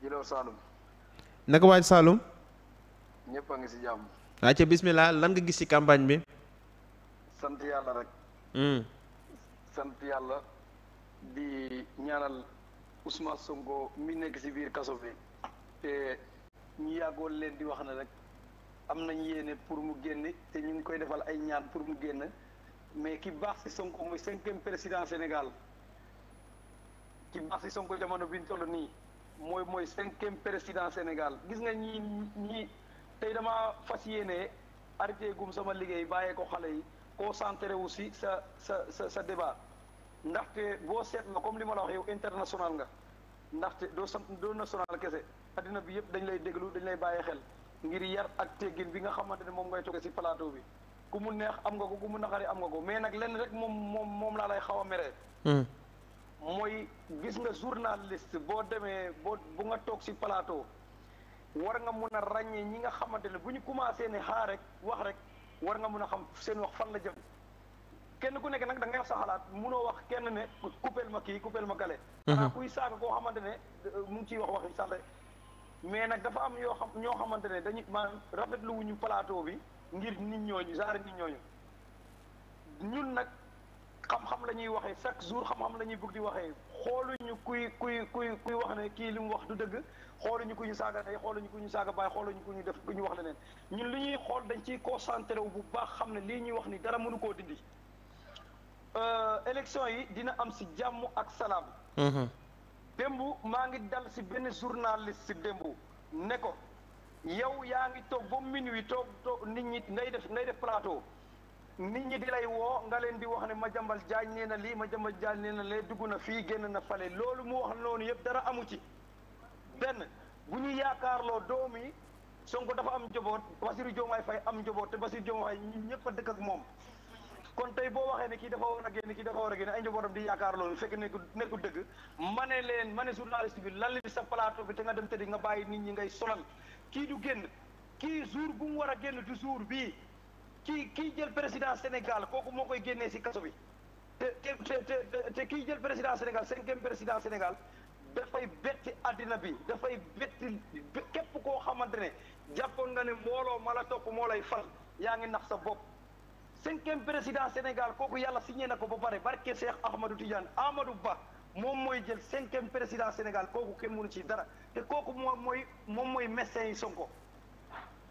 Djilor Saloum. naka waaj Saloum. ñëpp a ngi si jàmm. waa ca bismillah lan nga gis ci campagne bi. sant yàlla rek. Hmm. sant yàlla di ñaanal Ousmane Sonko mi nekk si biir kaso bi te ñu yàggoo leen di wax na rek am nañ yéene pour mu génn te ñu ngi koy defal ay ñaan pour mu génn mais ki baax si Sonko mooy cinquième président Sénégal ki baax si Sonko jamono bi ñu toll nii. mooy mooy cinquième président Sénégal gis nga ñi ñi tey damaa fas yéene arrêté gum sama liggéey bàyyee ko xale yi concentré wu si sa sa sa sa débat ndaxte boo seetloo comme li ma la wax yow international nga ndaxte doo sant doo national kese addina bi yëpp dañ lay déglu dañ lay bàyyi xel ngir yar ak teggin bi nga xamante ne moom ngay toogee si plateau bi ku mu neex am nga ko ku mu naqari am nga ko mais nag lenn rek moom moom laa lay xaw a meree hmm. mooy gis nga journaliste boo demee boo bu nga toog ci plateau war nga mun a ràññee ñi nga xamante ne bu ñu commencé ne xaar rek wax rek war nga mun a xam seen wax fan la jëm kenn ku nekk nag da ngay sa xalaat munoo wax kenn ne coupeel ma kii coupeel ma kale mhm. xanaa kuy saaga koo xamante ne mu ngi ciy wax waxi salte mais nag dafa am yoo xam ñoo xamante ne dañu maanaam rafetlu wuñu plateau bi ngir nit ñooñu genre nit ñooñu ñun nag xam-xam la ñuy waxee chaque jour xam-xam la ñuy bëgg di waxee ñu kuy kuy kuy kuy wax ne kii li mu wax du dëgg xooluñu ku ñu saaga tey xooluñu ku ñu saaga bàyyi xooluñu ku ñu def ku ñu wax leneen ñun li ñuy xool dañ ciy concentré wu bu baax xam ne lii ñuy wax ni dara mënu koo dindi euh, élection yi dina am si jàmm ak salaam mm-hmm. démb maa ngi dal si benn journaliste démb ne ko yow yaa ngi toog ba minuit toog toog nit ñi ngay def ngay def plateau nit ñi di lay woo nga leen di wax ne Madiambal Diagne nee na lii Madiambal Diagne nee na lee dugg na fii génn na fale loolu mu wax noonu yëpp dara amu ci benn bu ñu yaakaarloo doom yi Sonko dafa am njaboot Bassirou Diomaye Faye am njaboot te Bassirou Diomaye Faye ñëpp a dëkk ak moom kon tey boo waxee ne kii dafa war a génn kii dafa war a génn ay njabootam di yaakaar loolu fekk nekku nekku dëgg ma ne leen ma ne journaliste bi lan li sa plateau bi te nga dem tëddi nga bàyyi nit ñi ngay solal kii du génn kii jour bu war a génn du jour bii kii kii jël président Sénégal kooku moo koy génnee ci kaso bi te te te kii jël président Sénégal cinquième président Sénégal dafay betti àddina bi dafay betti képp koo xamante ne jàppoon nga ne mbooloo ma la topp moo lay fal yaa ngi nax sa bopp cinquième président Sénégal kooku yàlla si signé na ko ba pare barke Cheikh Ahmadou Tidiane Amadou Ba moom mooy jël cinquième président Sénégal kooku kenn munu ci dara te kooku moom mooy moom mooy médecin yi Sonko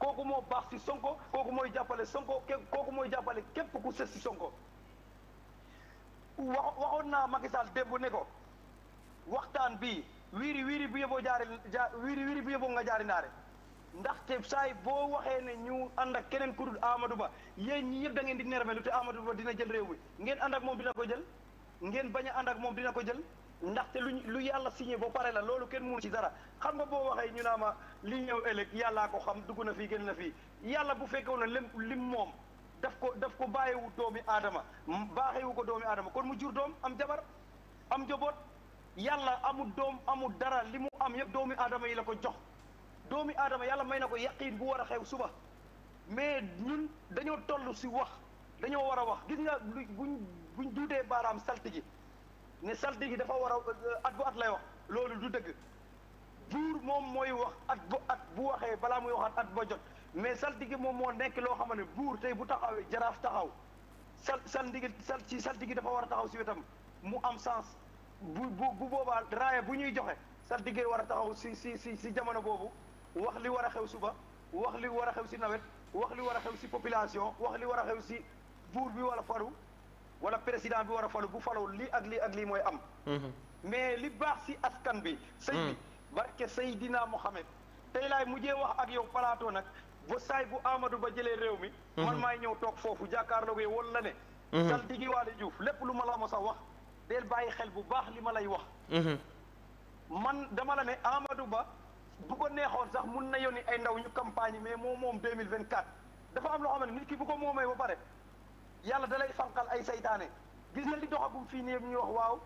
kooku moo baax si Sonko kooku mooy jàppale Sonko kooku mooy jàppale képp ku sës si Sonko wax waxoon naa Macky Sall démb ne ko waxtaan bi wiiri wiiri bu yóbboo jaari ja wiiri wiiri bu yóbboo nga jaari ndaare ndaxte saay boo waxee ne ñu ànd ak keneen ku dul Ba yéen ñi yëpp da ngeen di nermé lu te Amadou Ba dina jël réew mi ngeen ànd ak moom dina ko jël ngeen bañ a ànd ak moom dina ko jël ndaxte luñ lu yàlla signé boo paree la loolu kenn munu ci dara xam nga boo waxee ñu naa ma li ñëw ëllëg yàllaa ko xam dugg na fii génn na fii yàlla bu fekkew na lim lim moom daf ko daf ko bàyyiwu doomi aadama baaxewu ko doomi adama kon mu jur doom am jabar am njaboot yàlla amul doom amul dara li mu am yëpp doomi aadama yi la ko jox doomi aadama yàlla may na ko yaqiin bu war a xew suba mais ñun dañoo toll si wax dañoo war a wax gis nga buñ buñ duutee baaraam saltigi ne saltige dafa war a at bu at lay wax loolu du dëgg buur moom mooy wax at bu at bu waxee balaa muy waxaat at ba jot mais saltige moom moo nekk loo xam ne buur tey bu taxawee jaraaf taxaw sal saltige sal ci saltige dafa war a taxaw si wetam mu am sens bu bu bu boobaa raaya bu ñuy joxe saltige war a taxaw si si si si jamono boobu wax li war a xew suba wax li war a xew si nawet wax li war a xew si population wax li war a xew si buur bi wala faru wala président bi war a falu bu faloo lii ak lii ak lii mooy am mhm. mais li baax si askan bi sëy bi mhm. barke Seydina Mohamed tey laay mujjee wax ak yow plateau nag ba saay bu Amadou Ba jëlee réew mi mhm. man maay ñëw toog foofu jàkkaarloo yow wala ne sal digi waale Diouf lépp lu ma la mos a wax del bàyyi xel bu baax li ma lay wax man dama la ne Amadou Ba bu ko neexoon sax mun na yónni ay ndaw ñu campagne mais moom moom deux mille vingt quatre dafa am loo xam ne nit ki bu ko moomee ba pare yàlla da lay fanqal ay saytaane gis nga li doxagum fii nii yëpp ñuy wax waaw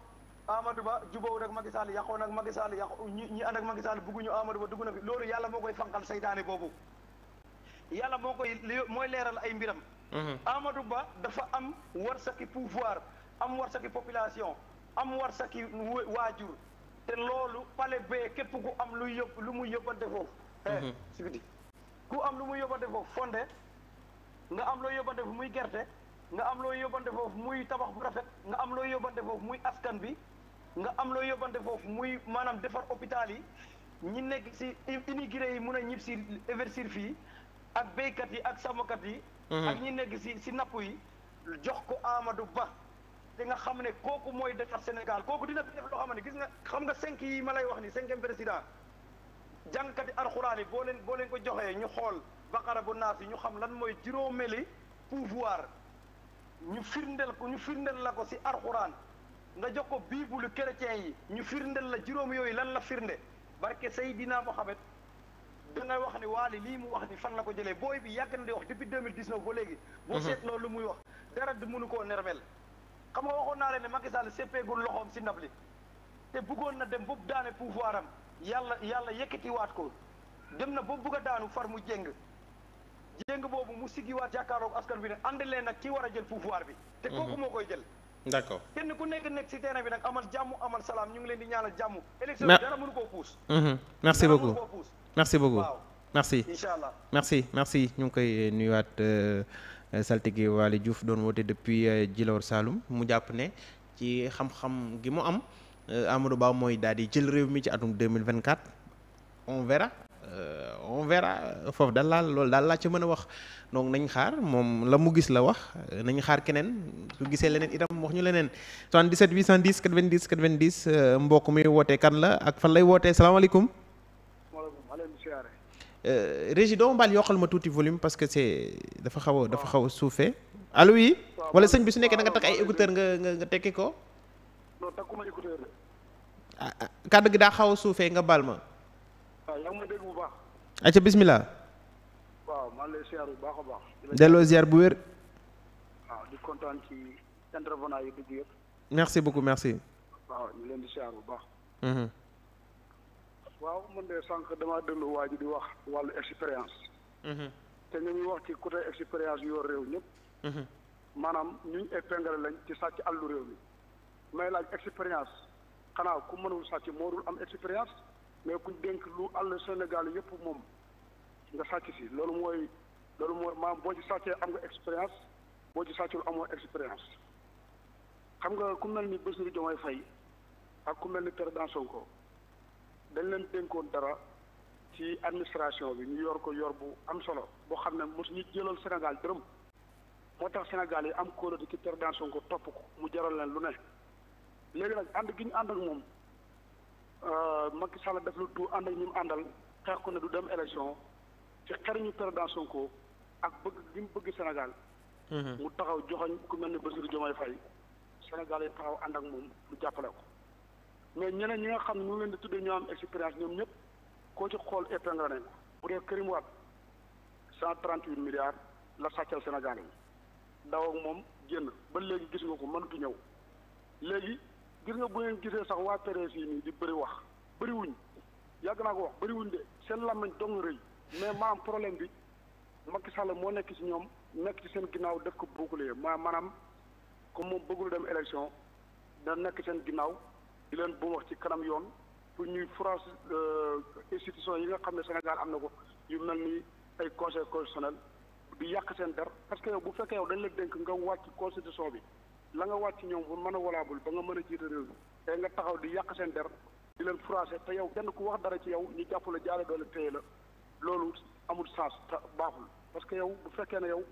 Amadou Ba jubóo nag Macky Sall yàqoo nag Macky Sall yàqu ñi ñi ànd ak Macky Sall bugguñu Amadou Ba dugg na fi loolu yàlla moo koy fanqal saytaane boobu yàlla moo koy mooy leeral ay mbiram. Mhm. Amadou Ba dafa am warsaki pouvoir am warsaki population am warsaki waajur te loolu pale bee képp ku am lu yëpp lu mu yóbbante foofu. Eh, mhm. ku am lu mu yóbbante foofu fonde nga am loo yóbbante muy gerte. nga am loo yóbbante foofu muy tabax bu rafet nga am loo yóbbante foofu muy askan bi nga am loo yóbbante foofu muy maanaam defar hôpital yi ñi nekk si immigré yi mun a ñib si investir fii ak béykat yi ak sàmmkat yi mhm. ak ñi nekk si si napp yi jox ko Amadou Ba te nga xam ne kooku mooy defar Sénégal kooku dina def loo xam ne gis nga xam nga cinq yi ma lay wax ni cinquième président jàngkati alxuraan yi boo leen boo leen ko joxee ñu xool baqara bu naas yi ñu xam lan mooy juróomeli pouvoir ñu firndeel ko ñu firndel la ko si alxuraan nga jox ko bii biibulu chrétien yi ñu firndel la juróom yooyu lan la firnde barke Seydina Mohamed dangay wax ni waali lii mu wax ni fan la ko jëlee booy bi yàgg na di wax depuis 2019 ba léegi boo mhm. seet loolu muy wax dara du mënu koo nermel xam nga waxoon naa leen ne Macky Sall loxoom si ndab li te bëggoon na dem boobu daane pouvoiram yàlla yàlla yëkkatiwaat ko dem na ba bugg a daanu far mu jéng jéng boobu mu siggiwaat jàkkaaroog askan bi ne àndi leen nag ki war a jël pouvoir bi te mhm. kooku moo koy jël d'accord kenn ku nekk nekk ci terrain bi nag amal jàmm amal salaam ñu ngi leen di ñaanal jàmm élection bi dara mënu koo puus mhm. merci beaucoup merci beaucoup merci incha allah merci ñu ngi koy eh, nuyuwaat eh, saltigi Waly Diouf doon woote depuis eh, Djilor Saloum mu jàpp ne ci xam-xam gi mu am Amadou Ba mooy daal di jël réew mi ci atum 2024 on verra Euh, on verra foofu daal laal loolu daal laa ci mën a wax donc nañu xaar moom la mu gis la wax nañu xaar keneen su gisee leneen itam wax ñu leneen 77 810 90 90 mbokk mi wootee kan la ak fan lay wootee salaamaaleykum. Euh, Régis doo mbaal yokkal ma tuuti volume parce que c'est dafa xaw dafa xaw a suufee allo yi wala sëñ bi su nekkee da nga takk ay écouteur nga nga nga tekki ko. kàdd takkuma ah, ah, gi daa xaw a suufee nga baal ma. waaw yaa ma dégg bu baax. ayca bismillah. waaw ma ngi lay ziar bu baax a baax. delloo ziar bu wér. waaw di kontaan ci intervenant yi dugg yëpp. merci beaucoup merci. waaw ñu leen di ziar bu baax. Mhm. waaw mën de sànq dama déglu waa ji di wax wàllu expérience. Mhm. te ñu ngi wax ci côté expérience yor réew ñëpp. Mhm. maanaam ñu épingle lañ ci sàcc àllu réew mi may laaj expérience xanaa ku mënul sàcc moo dul am expérience. mais kuñ dénk lu àll Sénégal yëpp moom nga sàcc si loolu mooy loolu mooy maam boo ci sàccee am nga expérience boo ci sàccul amoon expérience xam nga ku mel ni Bassirou Diomaye fay ak ku mel ni président ko dañ leen dénkoon dara ci administration bi ñu yor ko yor bu am solo boo xam ne mosu ñu jëlal Sénégal dërëm moo tax Sénégal yi am kóolute ci président ko topp ko mu jaral leen lu ne léegi nag ànd gi ñu ànd ak moom Euh, Macky Sall def lu tout ànd ak ñi mu àndal xeex ko ne du dem élection ci xariñu président Sonko ak bëgg li mu bëgg Sénégal. Mhm. mu taxaw joxoñ ku mel ni Bassirou Diomaye fay Sénégal yi taxaw ànd ak moom mu jàppale ko mais ñeneen ñi nga xam ne ñu leen di tuddee ñoo am expérience ñoom ñëpp ko ci xool épingle nañ bu dee Karim Wade cent huit milliards la sàccal Sénégal yi daw ak moom génn ba léegi gis nga ko mënatu ñëw léegi. gis nga bu ngeen gisee sax waa PDS yi nii di bëri wax bëri yàgg naa ko wax bëri de seen làmmiñ dong rëy mais maam problème bi Macky Sall moo nekk ci ñoom nekk ci seen ginnaaw def ko bouclier ma maanaam comme moom bëggul dem élection da nekk seen ginnaaw di leen bu wax ci kanam yoon pour ñuy France euh, institution yi nga xam ne Sénégal am na ko yu mel ni ay conseil constitutionnel di yàq seen der parce que bu fekkee yow dañ la dénk nga wàcc constitution bi la nga wàcc ñoom bu mën a walaabul ba nga mën a jiite réew mi tey nga taxaw di yàq seen der di leen froissé te yow kenn ku wax dara ci yow ñu jàpp la jaale doole téye la loolu amul sens baaxul parce que yow bu fekkee ne yow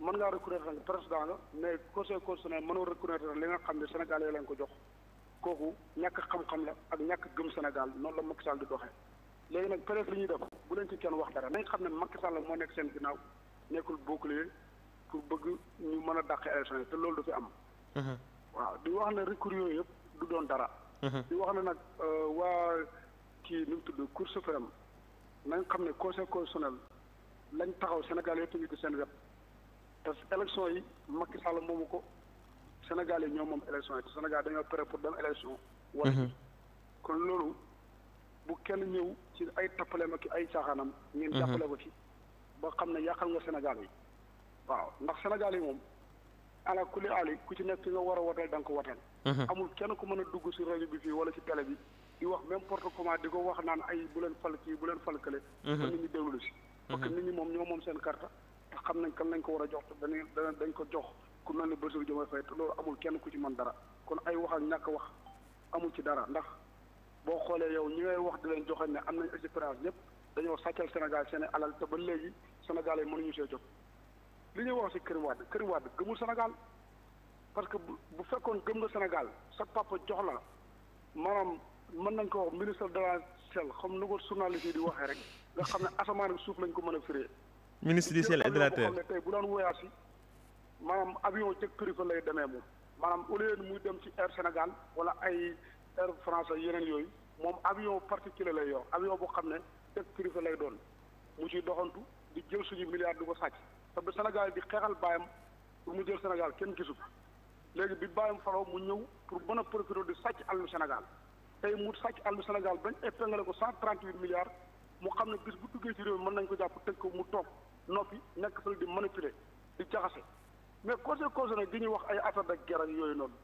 mën ngaa reconnaître nag président nga mais conseil constitutionnel mënoo reconnaître li nga xam ne Sénégal yi lañ ko jox kooku ñàkk xam-xam la ak ñàkk gëm Sénégal noonu la Macky Sall di doxee léegi nag peut li ñuy def bu leen ci kenn wax dara nañ xam ne Macky Sall moo nekk seen ginnaaw nekkul bouclier pour bëgg ñu mën a dàq élection yi te loolu du fi am Uh-huh. waaw di wax na recours yooyu yëpp du doon dara. Uh-huh. di wax na nag euh, waa kii nu tudd Cour suprême nañ xam ne conseil constitutionnel lañ taxaw Sénégal yëpp ñu ko seen wet parce que yi Macky Sall moomu ko Sénégal yi ñoo moom élection yi te Sénégal dañoo pare pour dem élection. Uh-huh. wala kon loolu bu kenn ñëw ci ay tappaleem ak ay caaxaanam. ngeen jàppale ko ci ba xam ne yàqal nga Sénégal yi waaw ndax Sénégal yi moom. ala kulli ali ku ci nekk ki nga war a wotal da nga ko wotal mhm. amul kenn ku mën a dugg si rajo bi fii wala si télé bi di wax n'importe comment di ko wax naan ay bu leen fal kii bu leen fal kële ba mhm. nit ñi déglu si parce que mhm. nit ñi moom ñoo moom seen carte te xam nañ kan lañ ko war a jox te dañ dañ ko jox ku mel ne Bassirou Diomaye Faye te loolu amul kenn ku ci mën dara kon ay wax ak wax amul ci dara ndax boo xoolee yow ñi ngay wax di leen joxe ne am nañ expérience ñëpp dañoo sàccal Sénégal seen alal ba léegi Sénégal yi mënuñu see jot li ñuy wax ci Karim Wade Karim Wade gëmul Sénégal parce que bu bu fekkoon gëm nga Sénégal sa papa jox la maanaam mën nañ ko wax ministre de la sel xam na ko journaliste yi di waxee rek nga xam ne asamaan bi suuf lañ ko mën a firee. ministre du sel et de tey bu daan woyaas yi maanaam avion jëkk privé lay demee moom maanaam au lieu muy dem ci air Sénégal wala ay air France yeneen yooyu moom avion particulier lay yor avion boo xam ne jëkk privé lay doon mu ciy doxantu jël suñu milliards di ko sàcc. te ba Sénégal di xeexal baayam pour mu jël Sénégal kenn gisu ko léegi bi baayam faroo mu ñëw pour mën a procureur di sàcc àllu Sénégal tey mu sàcc àllu Sénégal bañ épinglé ko cent trente huit milliards mu xam ne bis bu duggee ci réew mën nañ ko jàpp teg ko mu toog noppi nekk fële di manipuler di jaxase mais conseil conseil nag di ñuy wax ay affaire de guerre yooyu noonu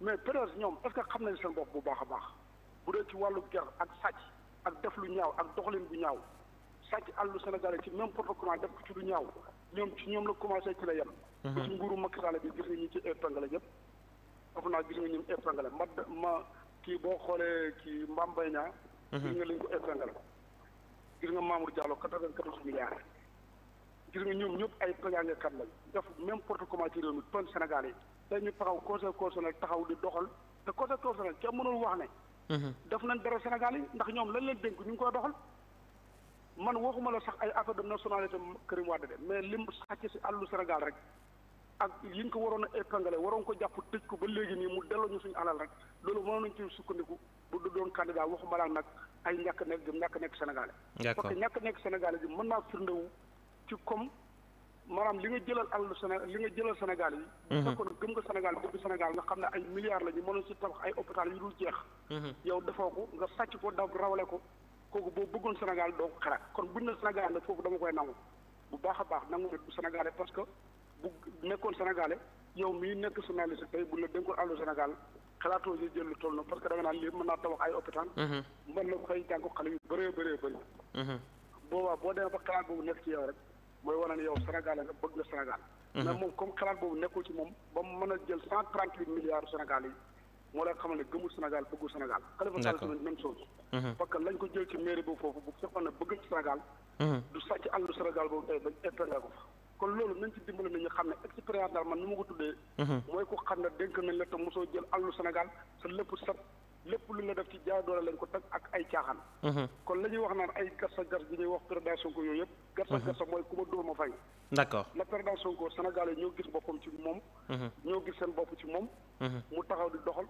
mais peut ñoom est-ce que xam nañ seen bopp bu baax a baax bu dee ci wàllu guerre ak sàcc ak def lu ñaaw ak doxalin bu ñaaw sàcc àllu Sénégal ci même protocole def ko ci lu ñaaw ñoom ci ñoom la commencé ci la yem. ba mhm. ci nguuru Macky Sall bi gis nga ñu ci épingle ñëpp. dafa naa gis nga ñu ma ma kii boo xoolee kii Mame Mbaye Niang. Mhm. gis nga ko épingle. nga Mamour Diallo quatre-vingt-quatorze milliards. gis nga ñoom ñëpp ay kat lañ def même protocole ci réew mi ton Sénégal yi dañu taxaw conseil constitutionnel taxaw di doxal te conseil constitutionnel kenn mënul wax ne. Mhm. def nañ dara Sénégal yi ndax ñoom lañ leen dénk ñu ngi koy doxal. man waxuma la sax ay affaire de nationalité Karim Wade de mais lim xàcc si àllu Sénégal rek ak li ñu ko waroon a épinglé waroon ko jàpp tëj ko ba léegi nii mu delloo ñu suñu alal rek loolu mënoon nañu ci sukkandiku bu du doon candidat waxuma la nag ay ñàkk nekk gi ñàkk nekk Sénégalais. d'accord parce ñàkk nekk Sénégalais bi mën naa firndewu ci comme maanaam li nga jëlal àllu Sénégal yi nga jëlal Sénégal yi. bu mhm. fekkoon gëm nga Sénégal bëgg Sénégal nga xam ne ay milliards la ñu mënoon si tabax ay hôpital yu dul jeex. Mhm. yow defoo ko nga sàcc ko daw rawale ko kooku boo bëggoon Sénégal doo ko xalaat kon buñ ne Sénégal nag foofu dama koy nangu bu baax a baax nangu ne du Sénégalais parce que bu nekkoon Sénégalais yow mii nekk journaliste tey buñ la dénkoon Sénégal xalaatoo si jël lu toll na parce que da nga naan lii mën naa tabax ay hôpital mhm. mën na koy jànku xale yu bëree bëree bëri mhm. boobaa boo demee ba xalaat boobu nekk ci yow rek mooy wane ne yow Sénégalais nga bëgg nga Sénégal mhm. mais moom comme xalaat boobu nekkul ci moom ba mu mën a jël cent trente huit milliards Sénégal yi moo la xamal ne gëmul Sénégal bëggul Sénégal. Khalifa Sall tamit même chose. Mhm. parce que lañ ko jël ci mairie boobu foofu bu fekkoon ne mhm. ko nañ ci dimbali nañu xam ne expérience daal man ni ma ko tuddee. Mhm. mooy ko xam ne dénk nañ la te mosoo jël àllu lépp set lépp lu la def ci jaay doole lañ ko teg ak ay caaxaan. kon la ñuy wax naan ay garsa gar gi ñuy wax président yooyu yëpp. garsa garsa mooy ku ma dóor ma fay. d' accord la yi ñoo gis boppam ci moom. ñoo gis seen bopp ci moom. mu taxaw di doxal.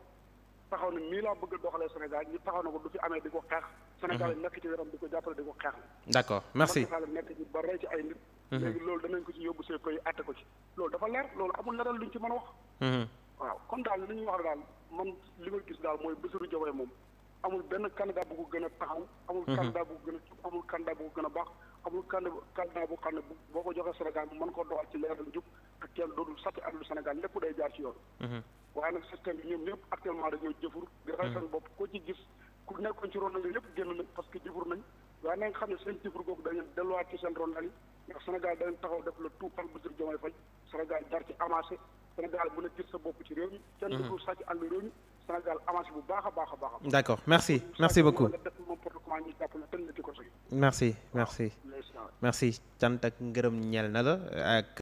taxaw na nii laa bëgg a doxalee Sénégal ñu taxaw na ko du fi amee di ko xeex. Mhm. Sénégal yi nekk ci yaram nekk mhm. loolu danañ ko ci yóbbu see koy àtte ko loolu dafa leer loolu amul leneen luñ ci mën a wax. Mhm. waaw kon li ñuy wax daal man li ma gis daal mooy Bassirou Diomaye moom amul benn candidat bu ko gën a taxaw. amul candidat bu ko gën a jub amul candidat gën a baax amul candidat bu xam ne boo ko joxee Sénégal mën ko doxal ci leer ak jub ak kenn doodul sàcc àllu Sénégal lépp day jaar ci yoon waaye nag système bi ñoom ñëpp actuellement dañoo jëfur hmm. di rey seen bopp ko ci gis ku nekkoon ci rondal yi yëpp génn nañ parce que jëfur nañ waaye na nga xam ne seen jëfur googu dañu delluwaat ci seen rondal yi ndax Sénégal dañu taxaw def la tout par Bassirou Diomaye Faye Sénégal jar ci avancé Sénégal bu ne gis sa bopp ci réew mi hmm. kenn dëgul sàcc àll réew mi Sénégal avancé bu baax a baax a baax a d'accord merci merci beaucoup merci merci merci cant ak ngërëm ñeel na la